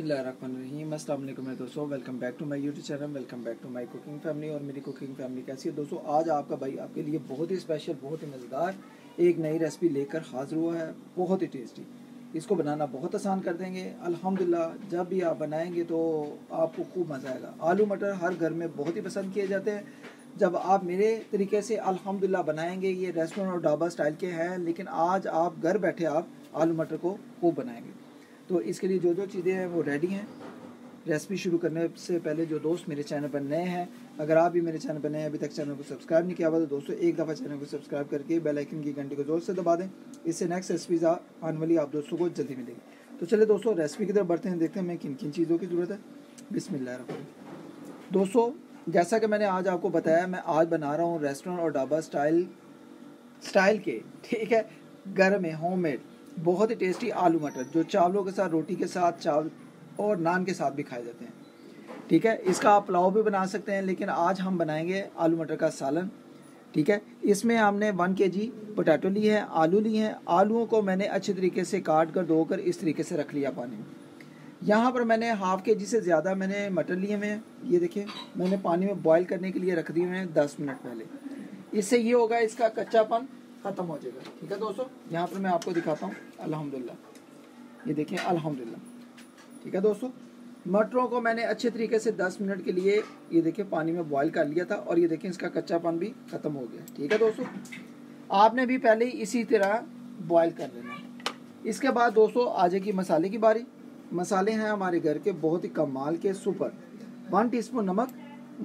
اللہ الرحمن الرحیم السلام علیکم میرے دوستو welcome back to my YouTube channel welcome back to my cooking family اور میری کوکنگ فیملی کیسی ہے دوستو آج آپ کا بھائی آپ کے لیے بہت ہی اسپیشل بہت ہی مزیدار ایک نئی ریسپی لے کر حاضر ہوا ہے بہت ہی ٹیسٹی اس کو بنانا بہت آسان کر دیں گے الحمدللہ جب بھی آپ بنائیں گے تو آپ کو خوب مزہ آئے گا آلو مٹر ہر گھر میں بہت ہی پسند کیے جاتے ہیں جب آپ میرے طریقے سے الحمدللہ بنائیں گے یہ ریسٹورنٹ اور ڈھابا سٹائل کے ہیں لیکن آج آپ گھر بیٹھے آپ آلو مٹر کو خوب بنائیں گے تو اس کے لیے جو جو چیزیں ہیں وہ ریڈی ہیں ریسپی شروع کرنے سے پہلے جو دوست میرے چینل پر نئے ہیں اگر آپ بھی میرے چینل پر نئے ہیں ابھی تک چینل کو سبسکرائب نہیں کیا ہوا تو دوستو ایک دفعہ چینل کو سبسکرائب کر کے بیل آئیکن کی گھنٹی کو زور سے دبا دیں اس سے نیکسٹ ریسپیز آنے والی آپ دوستوں کو جلدی ملے گی تو چلے دوستو ریسپی کی طرف بڑھتے ہیں دیکھتے ہیں میں کن کن چیزوں کی ضرورت ہے بسم اللہ الرحمن دوستو جیسا کہ میں نے آج آپ کو بتایا میں آج بنا رہا ہوں ریسٹورنٹ اور ڈھابا اسٹائل اسٹائل کے ٹھیک ہے گھر میں ہوم میڈ بہت ہی ٹیسٹی آلو مٹر جو چاولوں کے ساتھ روٹی کے ساتھ چاول اور نان کے ساتھ بھی کھائے جاتے ہیں ٹھیک ہے اس کا آپ پلاؤ بھی بنا سکتے ہیں لیکن آج ہم بنائیں گے آلو مٹر کا سالن ٹھیک ہے اس میں ہم نے ون کے جی پوٹیٹو لی ہے آلو لی ہیں آلووں کو میں نے اچھے طریقے سے کاٹ کر دھو کر اس طریقے سے رکھ لیا پانی یہاں پر میں نے ہاف کے جی سے زیادہ میں نے مٹر لیے ہوئے ہیں یہ دیکھیں میں نے پانی میں بوائل کرنے کے لیے رکھ دیے ہیں دس منٹ پہلے اس سے یہ ہوگا اس کا کچا پن ختم ہو جائے گا ٹھیک ہے دوستو یہاں پر میں آپ کو دکھاتا ہوں الحمدللہ یہ دیکھیں الحمدللہ ٹھیک ہے دوستو مٹروں کو میں نے اچھے طریقے سے دس منٹ کے لیے یہ دیکھیں پانی میں بوائل کر لیا تھا اور یہ دیکھیں اس کا کچا پان بھی ختم ہو گیا ٹھیک ہے دوستو آپ نے بھی پہلے اسی طرح بوائل کر لینا اس کے بعد دوستو آ جائے گی مسالے کی باری مسالے ہیں ہمارے گھر کے بہت ہی کمال کے سپر ون ٹی اسپون نمک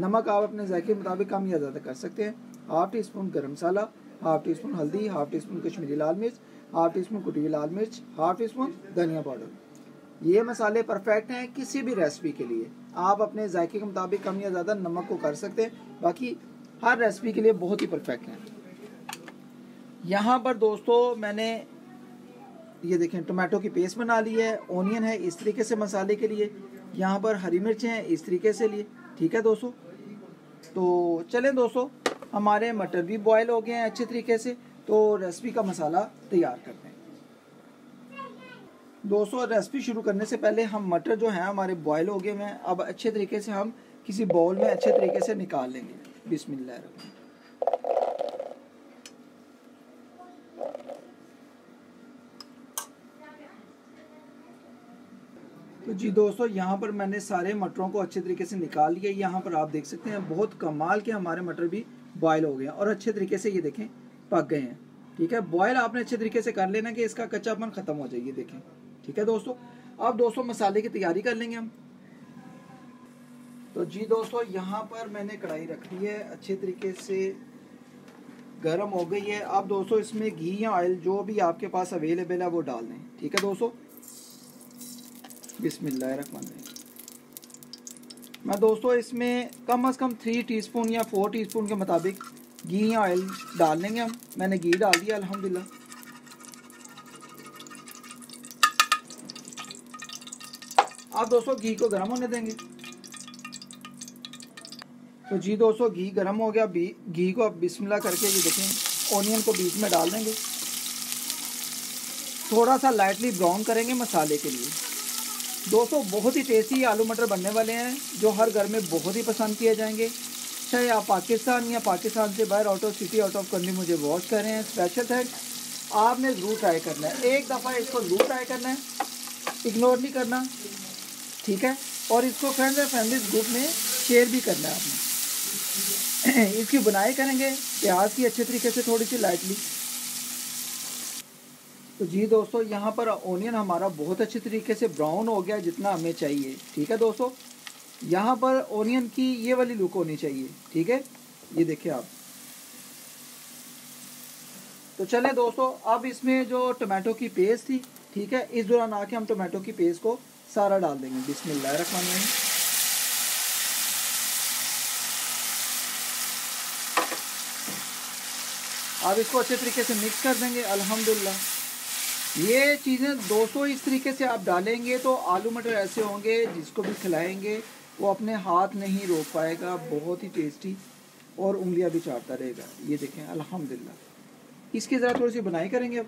نمک آپ اپنے ذائقے کے مطابق کم یا زیادہ کر سکتے ہیں half teaspoon garam masala half teaspoon ہلدی ہاف ٹی اسپون کشمیری لال مرچ ہاف ٹی اسپون کٹوی لال مرچ ہاف ٹی اسپون دھنیا پاؤڈر یہ مسالے پرفیکٹ ہیں کسی بھی ریسپی کے لیے آپ اپنے ذائقے کے مطابق کم یا زیادہ نمک کو کر سکتے ہیں باقی ہر ریسپی کے لیے بہت ہی پرفیکٹ ہیں یہاں پر دوستو میں نے یہ دیکھیں ٹومیٹو کی پیس بنا لی ہے اونین ہے اس طریقے سے مسالے کے لیے یہاں پر ہری مرچ ہیں اس طریقے سے لیے ٹھیک ہے دوستو تو چلیں دوستو ہمارے مٹر بھی بوائل ہو گئے ہیں اچھے طریقے سے تو ریسپی کا مسالہ تیار کرتے ہیں دوستو ریسپی شروع کرنے سے پہلے ہم مٹر جو ہیں ہمارے بوائل ہو گئے ہیں اب اچھے طریقے سے ہم کسی بول میں اچھے طریقے سے نکال لیں گے بسم اللہ الرحمن تو جی دوستو یہاں پر میں نے سارے مٹروں کو اچھے طریقے سے نکال لیا یہاں پر آپ دیکھ سکتے ہیں بہت کمال کے ہمارے مٹر بھی بوائل ہو گیا اور اچھے طریقے سے یہ دیکھیں پک گئے ہیں ٹھیک ہے بوائل آپ نے اچھے طریقے سے کر لینا کہ اس کا کچا پن ختم ہو جائے یہ دیکھیں ٹھیک ہے دوستو اب دوستو مسالے کی تیاری کر لیں گے ہم تو جی دوستو یہاں پر میں نے کڑھائی رکھ لی ہے اچھے طریقے سے گرم ہو گئی ہے اب دوستو اس میں گھی یا آئل جو بھی آپ کے پاس اویلیبل ہے وہ ڈال دیں ٹھیک ہے دوستو بسم اللہ الرحمن الرحیم میں دوستو اس میں کم از کم تھری ٹی سپون یا فور ٹی سپون کے مطابق گھی آئل ڈال لیں گے ہم میں نے گھی ڈال دیا الحمدللہ آپ دوستو گھی کو گرم ہونے دیں گے تو جی دوستو گھی گرم ہو گیا گھی کو اب بسم اللہ کر کے یہ دیکھیں اونین کو بیچ میں ڈال دیں گے تھوڑا سا لائٹلی براؤن کریں گے مسالے کے لیے دوستو بہت ہی ٹیسٹی آلو مٹر بننے والے ہیں جو ہر گھر میں بہت ہی پسند کیے جائیں گے چاہے آپ پاکستان یا پاکستان سے باہر out of city out of country مجھے واچ کر رہے ہیں اسپیشل ہے آپ نے ضرور ٹرائی کرنا ہے ایک دفعہ اس کو ضرور ٹرائی کرنا ہے اگنور نہیں کرنا ٹھیک ہے اور اس کو فرینڈ فیملیز گروپ میں شیئر بھی کرنا ہے آپ نے اس کی بنائی کریں گے پیاز کی اچھے طریقے سے تھوڑی سی لائٹلی جی دوستو یہاں پر اونین ہمارا بہت اچھے طریقے سے براؤن ہو گیا جتنا ہمیں چاہیے ٹھیک ہے دوستو یہاں پر اونین کی یہ والی لک ہونی چاہیے ٹھیک ہے یہ دیکھیں آپ تو چلیں دوستو اب اس میں جو ٹومیٹو کی پیسٹ تھی ٹھیک ہے اس دوران آ کے ہم ٹومیٹو کی پیسٹ کو سارا ڈال دیں گے بسم اللہ الرحمن الرحیم آپ اس کو اچھے طریقے سے مکس کر دیں گے الحمدللہ یہ چیزیں دو سو اس طریقے سے آپ ڈالیں گے تو آلو مٹر ایسے ہوں گے جس کو بھی کھلائیں گے وہ اپنے ہاتھ نہیں روک پائے گا بہت ہی ٹیسٹی اور انگلیاں بھی چارتا رہے گا یہ دیکھیں الحمدللہ اس کی ذرا تھوڑی سی بنائی کریں گے اب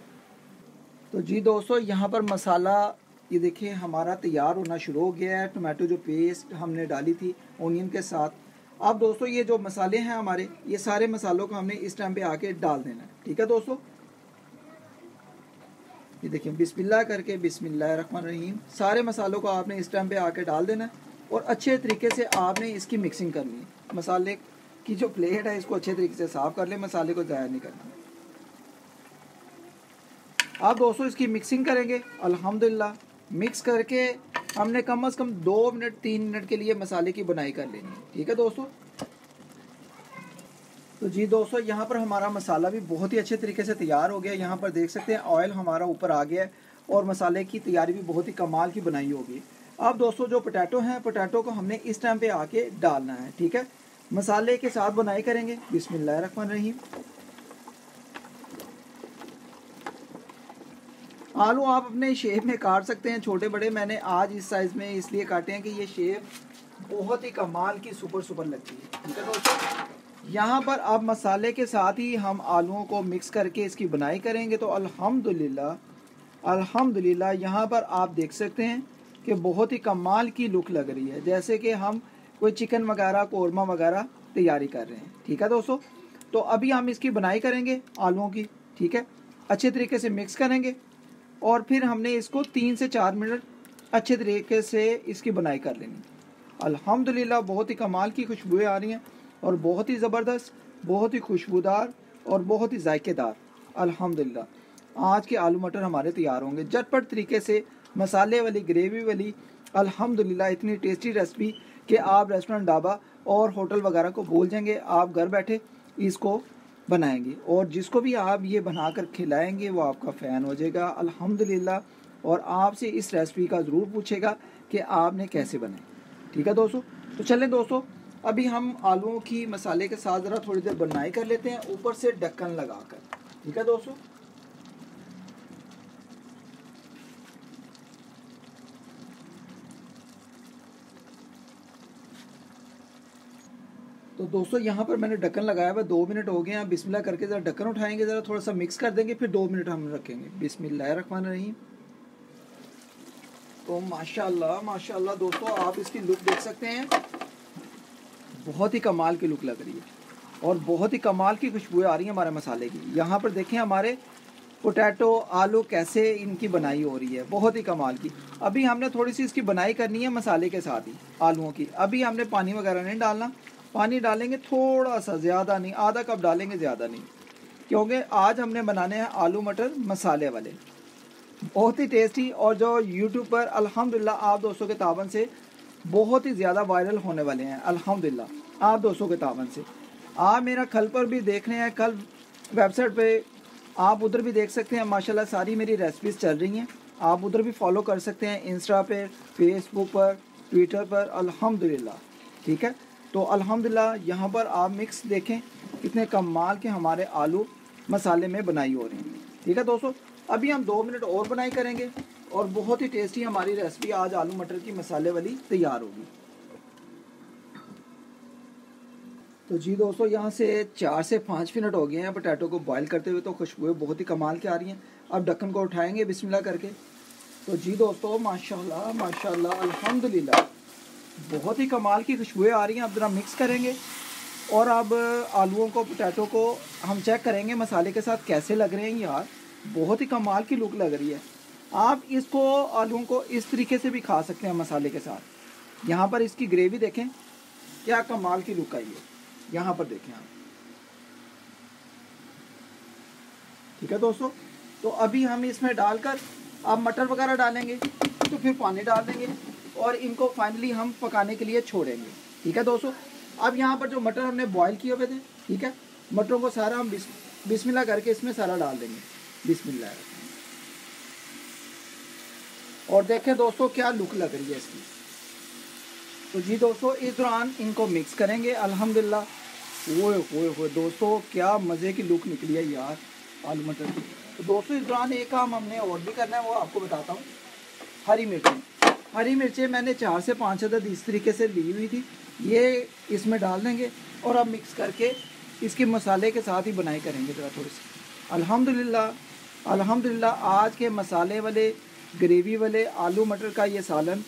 تو جی دوستو یہاں پر مسالہ یہ دیکھیں ہمارا تیار ہونا شروع ہو گیا ہے ٹمیٹو جو پیسٹ ہم نے ڈالی تھی اونین کے ساتھ اب دوستو یہ جو مسالے ہیں ہمارے یہ سارے مسالوں کو ہم نے اس ٹائم پہ آ کے ڈال دینا ہے ٹھیک ہے دوستو یہ دیکھیں بسم اللہ کر کے بسم اللہ الرحمن الرحیم سارے مسالوں کو آپ نے اس ٹائم پہ آ کے ڈال دینا اور اچھے طریقے سے آپ نے اس کی مکسنگ کر لی مسالے کی جو پلیٹ ہے اس کو اچھے طریقے سے صاف کر لیں مسالے کو ضائع نہیں کرنا آپ دوستوں اس کی مکسنگ کریں گے الحمدللہ مکس کر کے ہم نے کم از کم دو منٹ تین منٹ کے لیے مسالے کی بنائی کر لینی ہے ٹھیک ہے دوستوں تو جی دوستو یہاں پر ہمارا مسالہ بھی بہت ہی اچھے طریقے سے تیار ہو گیا یہاں پر دیکھ سکتے ہیں آئل ہمارا اوپر آ گیا ہے اور مسالے کی تیاری بھی بہت ہی کمال کی بنائی ہوگی اب دوستو جو پٹیٹو ہیں پٹیٹو کو ہم نے اس ٹائم پہ آ کے ڈالنا ہے ٹھیک ہے مسالے کے ساتھ بنائی کریں گے بسم اللہ الرحمن الرحیم آلو آپ اپنے شیپ میں کاٹ سکتے ہیں چھوٹے بڑے میں نے آج اس سائز میں اس لیے کاٹے ہیں کہ یہ شیپ بہت ہی کمال کی سپر سپر لگتی ہے ٹھیک ہے دوستو یہاں پر اب مسالے کے ساتھ ہی ہم آلووں کو مکس کر کے اس کی بنائی کریں گے تو الحمدللہ الحمدللہ یہاں پر آپ دیکھ سکتے ہیں کہ بہت ہی کمال کی لک لگ رہی ہے جیسے کہ ہم کوئی چکن وغیرہ قورمہ وغیرہ تیاری کر رہے ہیں ٹھیک ہے دوستو تو ابھی ہم اس کی بنائی کریں گے آلووں کی ٹھیک ہے اچھے طریقے سے مکس کریں گے اور پھر ہم نے اس کو تین سے چار منٹ اچھے طریقے سے اس کی بنائی کر لینی الحمدللہ بہت ہی کمال کی خوشبوئیں آ رہی ہیں اور بہت ہی زبردست بہت ہی خوشبودار اور بہت ہی ذائقے دار الحمدللہ آج کے آلو مٹر ہمارے تیار ہوں گے جٹ پٹ طریقے سے مسالے والی گریوی والی الحمدللہ اتنی ٹیسٹی ریسپی کہ آپ ریسٹورنٹ ڈابا اور ہوٹل وغیرہ کو بول جائیں گے آپ گھر بیٹھے اس کو بنائیں گے اور جس کو بھی آپ یہ بنا کر کھلائیں گے وہ آپ کا فین ہو جائے گا الحمدللہ اور آپ سے اس ریسپی کا ضرور پوچھے گا کہ آپ نے کیسے بنائے ٹھیک ہے دوستو تو چلیں دوستو ابھی ہم آلووں کی مسالے کے ساتھ ذرا تھوڑی دیر بنائی کر لیتے ہیں اوپر سے ڈکن لگا کر ٹھیک ہے دوستو تو دوستو یہاں پر میں نے ڈکن لگایا دو منٹ ہو گئے ہیں بسم اللہ کر کے ذرا ڈکن اٹھائیں گے ذرا تھوڑا سا مکس کر دیں گے پھر دو منٹ ہم رکھیں گے بسم اللہ الرحمن الرحیم تو ماشاءاللہ ماشاءاللہ دوستو آپ اس کی لک دیکھ سکتے ہیں بہت ہی کمال کی لک لگ رہی ہے اور بہت ہی کمال کی خوشبوئیں آ رہی ہیں ہمارے مسالے کی یہاں پر دیکھیں ہمارے پوٹیٹو آلو کیسے ان کی بنائی ہو رہی ہے بہت ہی کمال کی ابھی ہم نے تھوڑی سی اس کی بنائی کرنی ہے مسالے کے ساتھ ہی آلوؤں کی ابھی ہم نے پانی وغیرہ نہیں ڈالنا پانی ڈالیں گے تھوڑا سا زیادہ نہیں آدھا کپ ڈالیں گے زیادہ نہیں کیونکہ آج ہم نے بنانے ہیں آلو مٹر مسالے والے بہت ہی ٹیسٹی اور جو یوٹیوب پر الحمدللہ للہ آپ دوستوں کے تعاون سے بہت ہی زیادہ وائرل ہونے والے ہیں الحمدللہ آپ دوستوں کے تعاون سے آپ میرا کل پر بھی دیکھ رہے ہیں کل ویب سائٹ پہ آپ ادھر بھی دیکھ سکتے ہیں ماشاءاللہ ساری میری ریسپیز چل رہی ہیں آپ ادھر بھی فالو کر سکتے ہیں انسٹا پہ فیس بک پر ٹویٹر پر الحمدللہ ٹھیک ہے تو الحمدللہ یہاں پر آپ مکس دیکھیں کتنے کمال کے ہمارے آلو مسالے میں بنائی ہو رہے ہیں ٹھیک ہے دوستو ابھی ہم دو منٹ اور بنائی کریں گے اور بہت ہی ٹیسٹی ہماری ریسپی آج آلو مٹر کی مسالے والی تیار ہوگی تو جی دوستو یہاں سے چار سے پانچ منٹ ہو گئے ہیں پٹیٹو کو بوائل کرتے ہوئے تو خوشبوئیں بہت ہی کمال کے آ رہی ہیں اب ڈکن کو اٹھائیں گے بسم اللہ کر کے تو جی دوستو ماشاءاللہ ماشاءاللہ الحمدللہ بہت ہی کمال کی خوشبوئیں آ رہی ہیں اب ذرا مکس کریں گے اور اب آلووں کو پٹیٹو کو ہم چیک کریں گے مسالے کے ساتھ کیسے لگ رہے ہیں یار بہت ہی کمال کی لک لگ رہی ہے آپ اس کو آلووں کو اس طریقے سے بھی کھا سکتے ہیں مسالے کے ساتھ یہاں پر اس کی گریوی دیکھیں کیا کمال کی لک آئی ہے یہاں پر دیکھیں آپ ٹھیک ہے دوستو تو ابھی ہم اس میں ڈال کر آپ مٹر وغیرہ ڈالیں گے تو پھر پانی ڈال دیں گے اور ان کو فائنلی ہم پکانے کے لیے چھوڑیں گے ٹھیک ہے دوستو اب یہاں پر جو مٹر ہم نے بوائل کیے ہوئے تھے ٹھیک ہے مٹروں کو سارا ہم بسم اللہ کر کے اس میں سارا ڈال دیں گے بسم اللہ ہے اور دیکھیں دوستو کیا لک لگ رہی ہے اس کی تو جی دوستو اس دوران ان کو مکس کریں گے الحمدللہ اوئے ہوئے ہوئے دوستو کیا مزے کی لک نکلی ہے یار آلو مٹر کی تو دوستو اس دوران ایک کام ہم نے اور بھی کرنا ہے وہ آپ کو بتاتا ہوں ہری مرچیں ہری مرچیں میں نے چار سے پانچ عدد اس طریقے سے لی ہوئی تھی یہ اس میں ڈال دیں گے اور اب مکس کر کے اس کے مسالے کے ساتھ ہی بنائی کریں گے ذرا تھوڑی سی الحمد للہ الحمد للہ آج کے مسالے والے گریوی والے آلو مٹر کا یہ سالن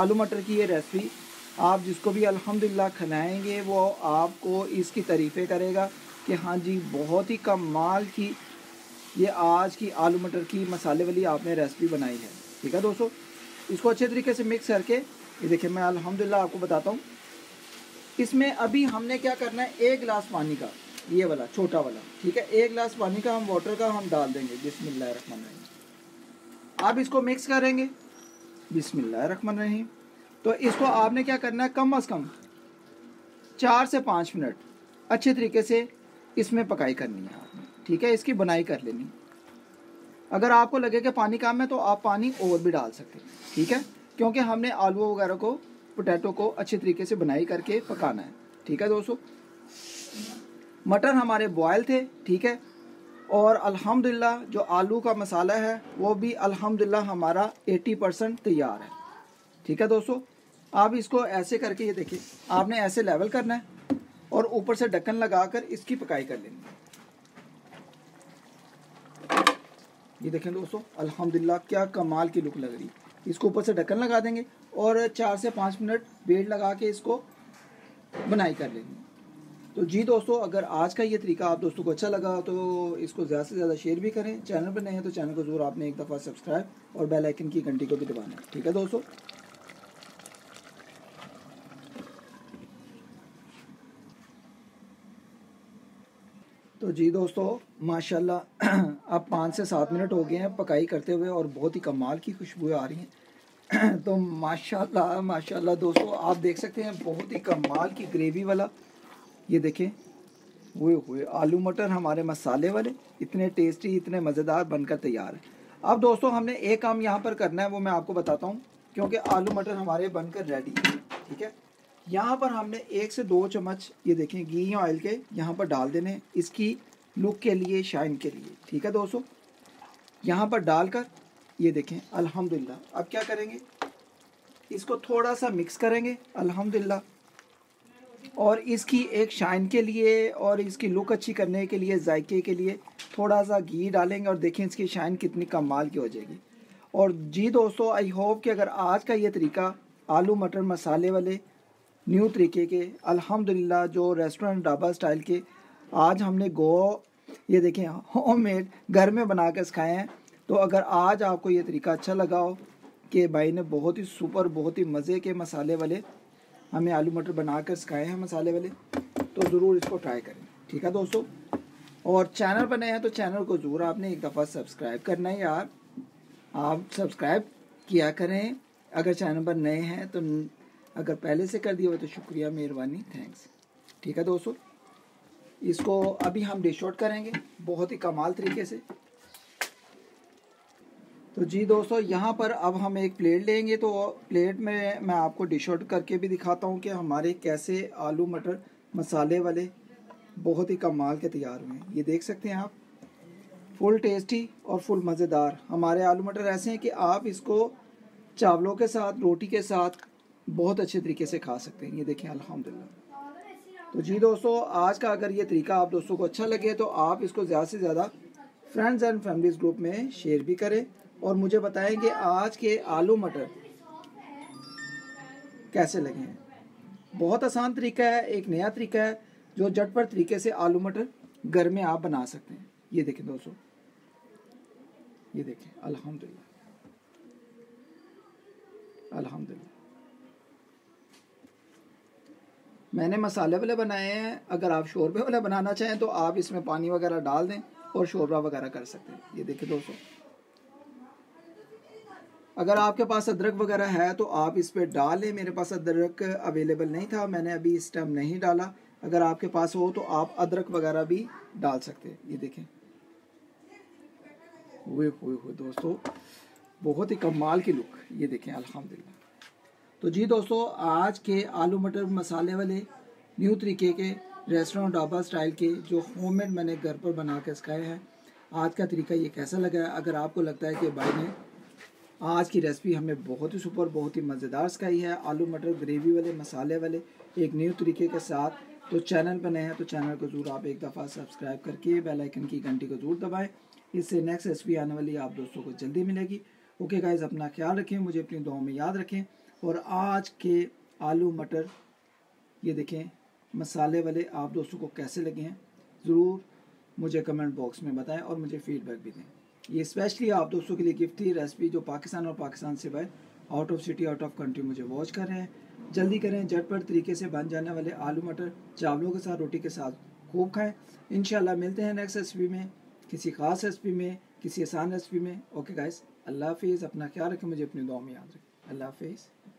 آلو مٹر کی یہ ریسپی آپ جس کو بھی الحمدللہ کھلائیں گے وہ آپ کو اس کی تعریفیں کرے گا کہ ہاں جی بہت ہی کم مال کی یہ آج کی آلو مٹر کی مسالے والی آپ نے ریسپی بنائی ہے ٹھیک ہے دوستو اس کو اچھے طریقے سے مکس کر کے یہ دیکھیں میں الحمدللہ آپ کو بتاتا ہوں اس میں ابھی ہم نے کیا کرنا ہے ایک گلاس پانی کا یہ والا چھوٹا والا ٹھیک ہے ایک گلاس پانی کا ہم واٹر کا ہم ڈال دیں گے بسم اللہ الرحمن الرحیم آپ اس کو مکس کریں گے بسم اللہ الرحمن الرحیم تو اس کو آپ نے کیا کرنا ہے کم از کم چار سے پانچ منٹ اچھے طریقے سے اس میں پکائی کرنی ہے آپ نے ٹھیک ہے اس کی بنائی کر لینی اگر آپ کو لگے کہ پانی کام ہے تو آپ پانی اور بھی ڈال سکتے ہیں ٹھیک ہے کیونکہ ہم نے آلو وغیرہ کو پوٹیٹو کو اچھے طریقے سے بنائی کر کے پکانا ہے ٹھیک ہے دوستو مٹر ہمارے بوائل تھے ٹھیک ہے اور الحمدللہ جو آلو کا مسالہ ہے وہ بھی الحمدللہ ہمارا ایٹی پرسنٹ تیار ہے ٹھیک ہے دوستو آپ اس کو ایسے کر کے یہ دیکھیں آپ نے ایسے لیول کرنا ہے اور اوپر سے ڈکن لگا کر اس کی پکائی کر لیں یہ دیکھیں دوستو الحمدللہ کیا کمال کی لک لگ رہی ہے اس کو اوپر سے ڈکن لگا دیں گے اور چار سے پانچ منٹ بیڑ لگا کے اس کو بنائی کر لیں گے تو جی دوستو اگر آج کا یہ طریقہ آپ دوستوں کو اچھا لگا تو اس کو زیادہ سے زیادہ شیئر بھی کریں چینل پر نہیں ہیں تو چینل کو ضرور آپ نے ایک دفعہ سبسکرائب اور بیل کی گھنٹی کو بھی دبانا ٹھیک ہے دوستو تو جی دوستو ماشاءاللہ اب پانچ سے سات منٹ ہو گئے ہیں پکائی کرتے ہوئے اور بہت ہی کمال کی خوشبوئیں آ رہی ہیں تو ماشاءاللہ ماشاءاللہ دوستو آپ دیکھ سکتے ہیں بہت ہی کمال کی گریوی والا یہ دیکھیں ہوئے ہوئے آلو مٹر ہمارے مسالے والے اتنے ٹیسٹی اتنے مزیدار بن کر تیار ہے اب دوستوں ہم نے ایک کام یہاں پر کرنا ہے وہ میں آپ کو بتاتا ہوں کیونکہ آلو مٹر ہمارے بن کر ریڈی ٹھیک ہے یہاں پر ہم نے ایک سے دو چمچ یہ دیکھیں گیہ آئل کے یہاں پر ڈال دینے اس کی لک کے لیے شائن کے لیے ٹھیک ہے دوستوں یہاں پر ڈال کر یہ دیکھیں الحمدللہ اب کیا کریں گے اس کو تھوڑا سا مکس کریں گے الحمدللہ اور اس کی ایک شائن کے لیے اور اس کی لک اچھی کرنے کے لیے ذائقے کے لیے تھوڑا سا گھی ڈالیں گے اور دیکھیں اس کی شائن کتنی کمال کی ہو جائے گی اور جی دوستو آئی ہوپ کہ اگر آج کا یہ طریقہ آلو مٹر مسالے والے نیو طریقے کے الحمدللہ جو ریسٹورنٹ ڈھابا سٹائل کے آج ہم نے گو یہ دیکھیں ہوم میڈ گھر میں بنا کر سکھائے ہیں تو اگر آج آپ کو یہ طریقہ اچھا لگا ہو کہ بھائی نے بہت ہی سپر بہت ہی مزے کے مسالے والے ہمیں آلو مٹر بنا کر سکھائے ہیں مسالے والے تو ضرور اس کو ٹرائی کریں ٹھیک ہے دوستو اور چینل پر نئے ہیں تو چینل کو ضرور آپ نے ایک دفعہ سبسکرائب کرنا ہے یار آپ سبسکرائب کیا کریں اگر چینل پر نئے ہیں تو اگر پہلے سے کر دیا ہو تو شکریہ مہربانی تھینکس ٹھیک ہے دوستو اس کو ابھی ہم ڈش آؤٹ کریں گے بہت ہی کمال طریقے سے تو جی دوستو یہاں پر اب ہم ایک پلیٹ لیں گے تو پلیٹ میں میں آپ کو ڈش آؤٹ کر کے بھی دکھاتا ہوں کہ ہمارے کیسے آلو مٹر مسالے والے بہت ہی کمال کے تیار ہوئے ہیں یہ دیکھ سکتے ہیں آپ فل ٹیسٹی اور فل مزیدار ہمارے آلو مٹر ایسے ہیں کہ آپ اس کو چاولوں کے ساتھ روٹی کے ساتھ بہت اچھے طریقے سے کھا سکتے ہیں یہ دیکھیں الحمدللہ تو جی دوستو آج کا اگر یہ طریقہ آپ دوستوں کو اچھا لگے تو آپ اس کو زیادہ سے زیادہ فرینڈز اینڈ فیملیز گروپ میں شیئر بھی کریں اور مجھے بتائیں کہ آج کے آلو مٹر کیسے لگے ہیں بہت آسان طریقہ ہے ایک نیا طریقہ ہے جو جٹ پر طریقے سے آلو مٹر گھر میں آپ بنا سکتے ہیں یہ دیکھیں دیکھیں دوستو یہ الحمدللہ الحمدللہ میں نے مسالے والے بنائے ہیں اگر آپ شوربے والے بنانا چاہیں تو آپ اس میں پانی وغیرہ ڈال دیں اور شوربہ وغیرہ کر سکتے ہیں یہ دیکھیں دوستو اگر آپ کے پاس ادرک وغیرہ ہے تو آپ اس پہ ڈال لیں میرے پاس ادرک اویلیبل نہیں تھا میں نے ابھی اس ٹائم نہیں ڈالا اگر آپ کے پاس ہو تو آپ ادرک وغیرہ بھی ڈال سکتے یہ دیکھیں ہوئے ہوئے ہوئے دوستو بہت ہی کمال کی لک یہ دیکھیں الحمدللہ تو جی دوستو آج کے آلو مٹر مسالے والے نیو طریقے کے سٹائل کے جو ہوم میڈ میں نے گھر پر بنا کے سکھائے ہیں آج کا طریقہ یہ کیسا لگا ہے اگر آپ کو لگتا ہے کہ بھائی نے آج کی ریسپی ہمیں بہت ہی سپر بہت ہی مزیدار سکائی سکھائی ہے آلو مٹر گریوی والے مسالے والے ایک نیو طریقے کے ساتھ تو چینل پر نئے ہیں تو چینل کو ضرور آپ ایک دفعہ سبسکرائب کر کے بیل آئیکن کی گھنٹی کو ضرور دبائیں اس سے نیکسٹ ریسپی آنے والی آپ دوستوں کو جلدی ملے گی اوکے گائز اپنا خیال رکھیں مجھے اپنی دعاوں میں یاد رکھیں اور آج کے آلو مٹر یہ دیکھیں مسالے والے آپ دوستوں کو کیسے لگیں ضرور مجھے کمنٹ باکس میں بتائیں اور مجھے فیڈ بیک بھی دیں یہ اسپیشلی آپ دوستوں کے لیے گفٹ تھی ریسپی جو پاکستان اور پاکستان سے out out of of country مجھے واچ کر رہے ہیں جلدی کریں جٹ پر طریقے سے بن جانے والے آلو مٹر چاولوں کے ساتھ روٹی کے ساتھ خوب کھائیں انشاءاللہ ملتے ہیں نیکسٹ ریسپی میں کسی خاص ریسپی میں کسی آسان ریسپی میں اوکے گائز اللہ حافظ اپنا خیال رکھیں مجھے اپنے دعا میں یاد رکھیں اللہ حافظ